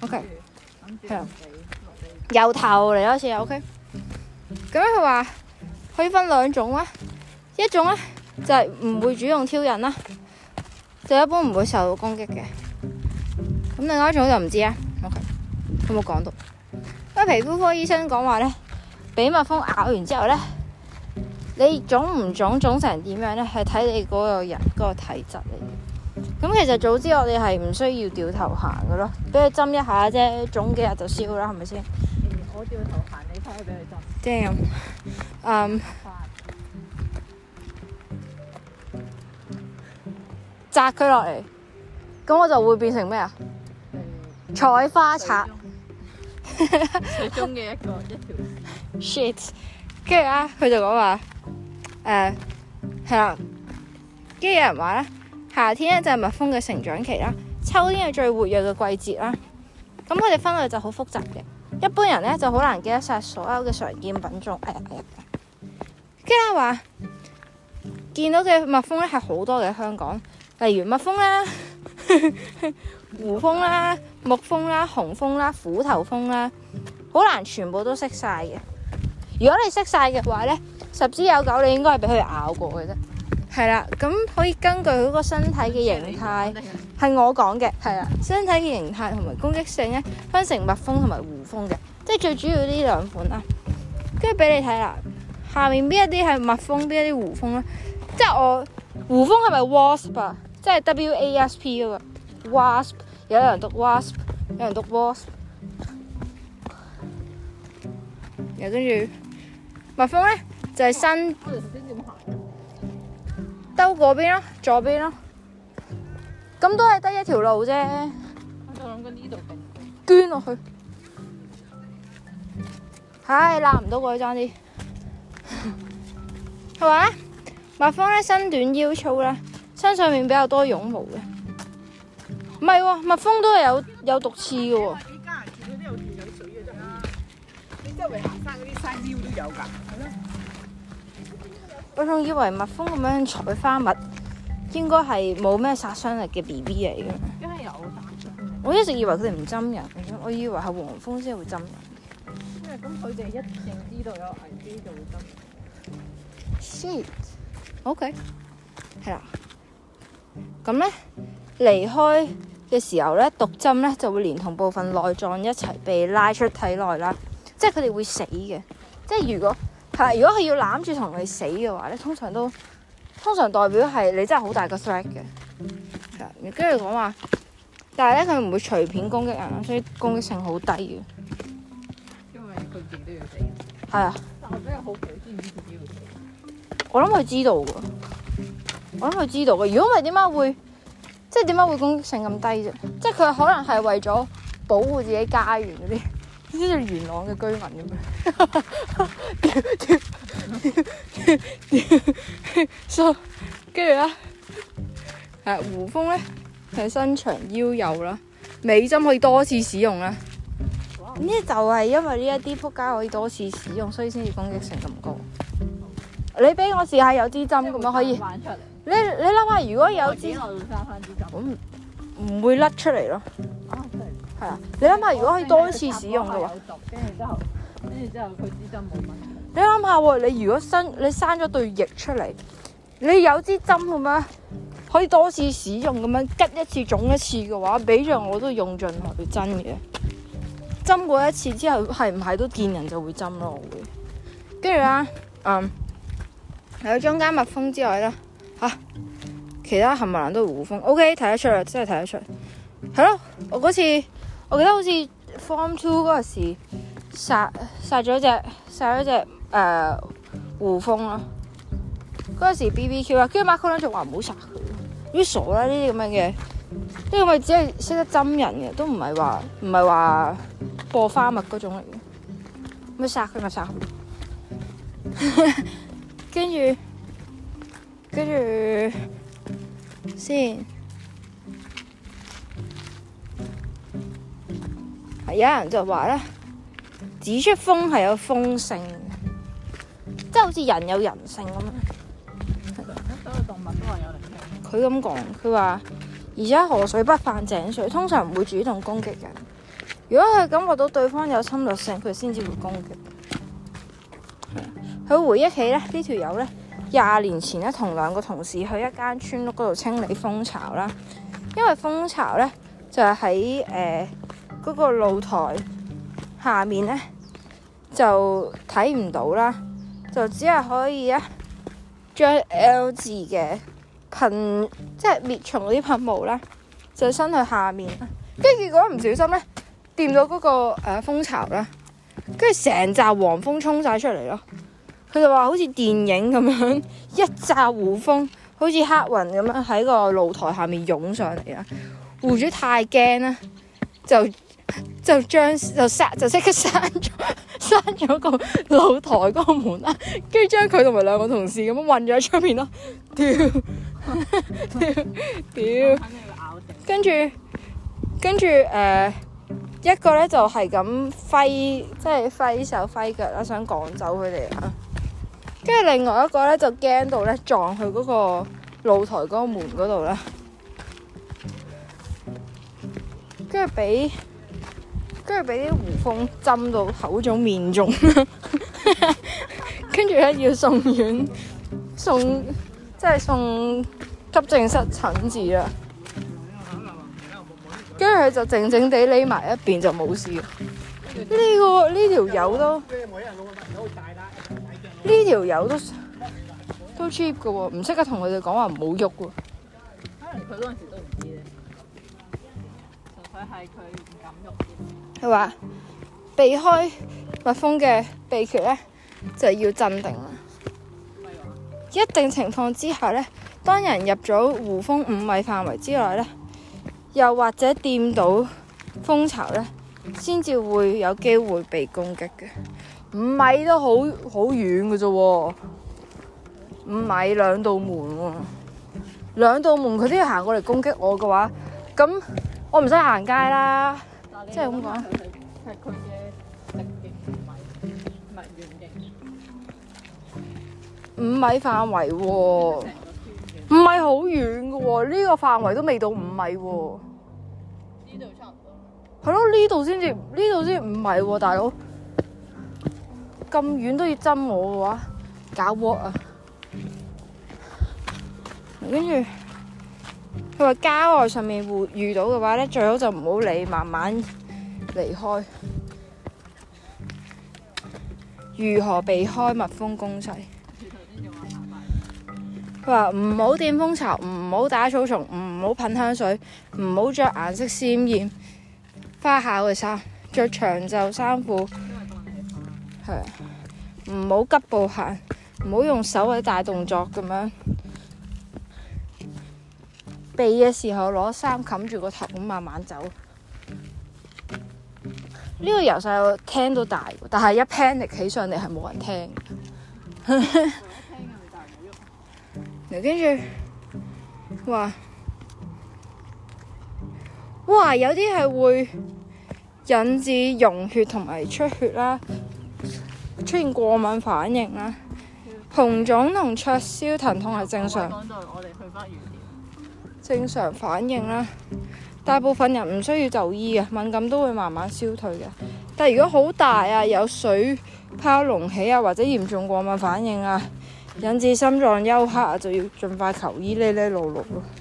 O、okay, K，、嗯、由頭嚟開始 o K，咁樣佢話可以分兩種啊，一種咧、啊、就係、是、唔會主動挑釁啦、啊，就是、一般唔會受到攻擊嘅。咁另外一種就唔知啊。O K，有冇講到？因為皮膚科醫生講話咧，俾蜜蜂咬完之後咧，你腫唔腫、腫成點樣咧，係睇你嗰個人嗰、那個體質嚟。咁其實早知我哋係唔需要掉頭行嘅咯，俾佢針一下啫，腫幾日就消啦，係咪先？我掉頭行，你翻去俾佢針。即係咁，嗯，扎佢落嚟，咁我就會變成咩啊？採、嗯、花茶，其中嘅一個 一條。Shit，跟住啊，佢就講話，誒、嗯，係啦，跟住有人話咧。夏天咧就係蜜蜂嘅成長期啦，秋天係最活躍嘅季節啦，咁佢哋分類就好複雜嘅，一般人咧就好難記得晒所有嘅常見品種誒，跟、哎、住、哎、話見到嘅蜜蜂咧係好多嘅，香港，例如蜜蜂啦、胡 蜂啦、木蜂啦、紅蜂啦、虹蜂啦、虎頭蜂啦，好難全部都識晒嘅。如果你識晒嘅話咧，十之有九你應該係俾佢哋咬過嘅啫。係啦，咁可以根據佢個身體嘅形態，係、嗯嗯嗯、我講嘅，係啦，身體嘅形態同埋攻擊性咧，分成蜜蜂同埋胡蜂嘅，即、就、係、是、最主要呢兩款啦、啊。跟住俾你睇啦，下面邊一啲係蜜蜂，邊一啲胡蜂咧？即、就、係、是、我胡蜂係咪 wasp 啊？即、就、係、是、w a s p 啊、那個、？wasp 有人讀 wasp，有人讀 wasp，、嗯、然後跟住蜜蜂咧就係、是、新。嗯嗯。兜嗰邊咯，左邊咯，咁都係得一條路啫。我仲諗緊呢度，捐落去。唉，攬唔到改裝啲。係咪？蜜蜂咧身短腰粗啦，身上面比較多絨毛嘅。唔係喎，蜜蜂都係有有毒刺嘅喎。你家下住嗰啲有電有水嘅啫，你周圍行山嗰啲山腰都有噶，係咯。我仲以為蜜蜂咁樣採花蜜，應該係冇咩殺傷力嘅 B B 嚟嘅。應該有，我一直以為佢哋唔針人，我以為係黃蜂先會針人。因為咁佢哋一定知道有危機就會針。Shit，OK，係啦。咁咧離開嘅時候咧，毒針咧就會連同部分內臟一齊被拉出體內啦，即係佢哋會死嘅。即係如果。係，如果佢要攬住同佢死嘅話咧，通常都通常代表係你真係好大個 threat 嘅。跟住講話，但係咧佢唔會隨便攻擊人，所以攻擊性好低嘅。因為佢自己都要死。係啊。但係我真係好奇，知唔知佢點解？我諗佢知道嘅，我諗佢知道嘅。如果唔係點解會，即係點解會攻擊性咁低啫？即係佢可能係為咗保護自己家園嗰啲。好似元朗嘅居民咁樣 so，跟住咧，係胡蜂咧，係身長腰幼啦。尾針可以多次使用啦。呢、wow. 就係因為呢一啲撲街可以多次使用，所以先至攻擊性咁高。Okay. 你俾我試下有一支針咁啊，可以？出 你你諗下，如果有支針，唔唔 會甩出嚟咯。係啊，嗯、你諗下，如果可以多次使用嘅話，跟住之後，跟住之後佢支針冇乜。你諗下，你如果生你生咗對翼出嚟，你有支針咁樣可以多次使用咁樣吉一次腫一次嘅話，畀着我都用盡佢針嘅。針過一次之後，係唔係都見人就會針咯？我會。跟住啦，嗯，um, 有中間蜜蜂之外咧，吓、啊、其他冚唪唥都係胡蜂。O K，睇得出嚟，真係睇得出。係、嗯、咯，我嗰次。我記得好似 Form Two 嗰時殺殺咗隻殺咗隻誒胡蜂咯，嗰時 BBQ 啦，跟住 Macron 就話唔好殺佢，你傻啦呢啲咁樣嘅，呢個咪只係識得針人嘅，都唔係話唔係話播花蜜嗰種嚟嘅，咪殺佢咪殺，跟住跟住先。有人就話咧，指出蜂係有蜂性，即係好似人有人性咁樣，動物都係有靈性。佢咁講，佢話而家河水不犯井水，通常唔會主動攻擊人。如果佢感覺到對方有侵略性，佢先至會攻擊。佢 回憶起咧，這個、呢條友咧廿年前咧同兩個同事去一間村屋嗰度清理蜂巢啦，因為蜂巢咧就係喺誒。呃.嗰、那個露台下面咧就睇唔到啦，就只係可以咧、啊、將 L 字嘅噴，即係滅蟲嗰啲噴霧咧，就伸去下面啦。跟住結果唔小心咧，掂到嗰、那個誒蜂、呃、巢咧，跟住成扎黃蜂衝晒出嚟咯。佢就話好似電影咁樣，一扎胡蜂好似黑雲咁樣喺個露台下面湧上嚟啊，戶主太驚啦，就。就將就閂就即刻閂咗閂咗個露台嗰個門啦，跟住將佢同埋兩個同事咁樣運咗喺出面咯，屌屌屌！肯定會咬定。跟住跟住誒，一個咧就係咁揮即係揮手揮腳啦，想趕走佢哋啊！跟住另外一個咧就驚到咧撞去嗰個露台嗰個門嗰度咧，跟住俾。跟住俾啲胡蜂針到口腫面腫，跟住咧要送院送，即係送急症室診治啦。跟住佢就靜靜地匿埋一邊就冇事。呢個呢條友都呢條友都都 cheap 㗎喎，唔識得同佢哋講話唔好喐喎。可能佢嗰陣時都唔知咧，佢係佢唔敢喐。係話避開蜜蜂嘅秘訣咧，就係要鎮定啦。一定情況之下咧，當人入咗湖蜂五米範圍之內咧，又或者掂到蜂巢咧，先至會有機會被攻擊嘅。五米都好好遠嘅啫，五米兩道門喎，啊，兩道門佢都要行過嚟攻擊我嘅話，咁我唔使行街啦。即係咁講，係佢嘅直徑五米，咪圓形五米範圍喎，唔係好遠噶喎，呢個範圍都未到五米喎，哦哦。呢度差唔多，係咯，呢度先至，呢度先五米喎，哦，大佬咁遠都要針我嘅話，搞鑊啊？跟住。佢話郊外上面遇到嘅話，最好就唔好理，慢慢離開。如何避開蜜蜂攻勢？佢話唔好掂蜂巢，唔好打草叢，唔好噴香水，唔好着顏色鮮艷、花巧嘅衫，着長袖衫褲。係啊，唔好急步行，唔好用手或者大動作噉樣。避嘅時候攞衫冚住個頭，咁慢慢走。呢、呢個由細我聽到大，但係一 panic 起上嚟係冇人聽。你跟住，哇哇，有啲係會引致溶血同埋出血啦，出現過敏反應啦，紅 腫同灼燒疼痛係正常。我哋去翻正常反應啦，大部分人唔需要就醫啊，敏感都會慢慢消退嘅。但如果好大啊，有水泡隆起啊，或者嚴重過敏反應啊，引致心臟休克啊，就要盡快求醫呢呢路路咯。躲躲躲躲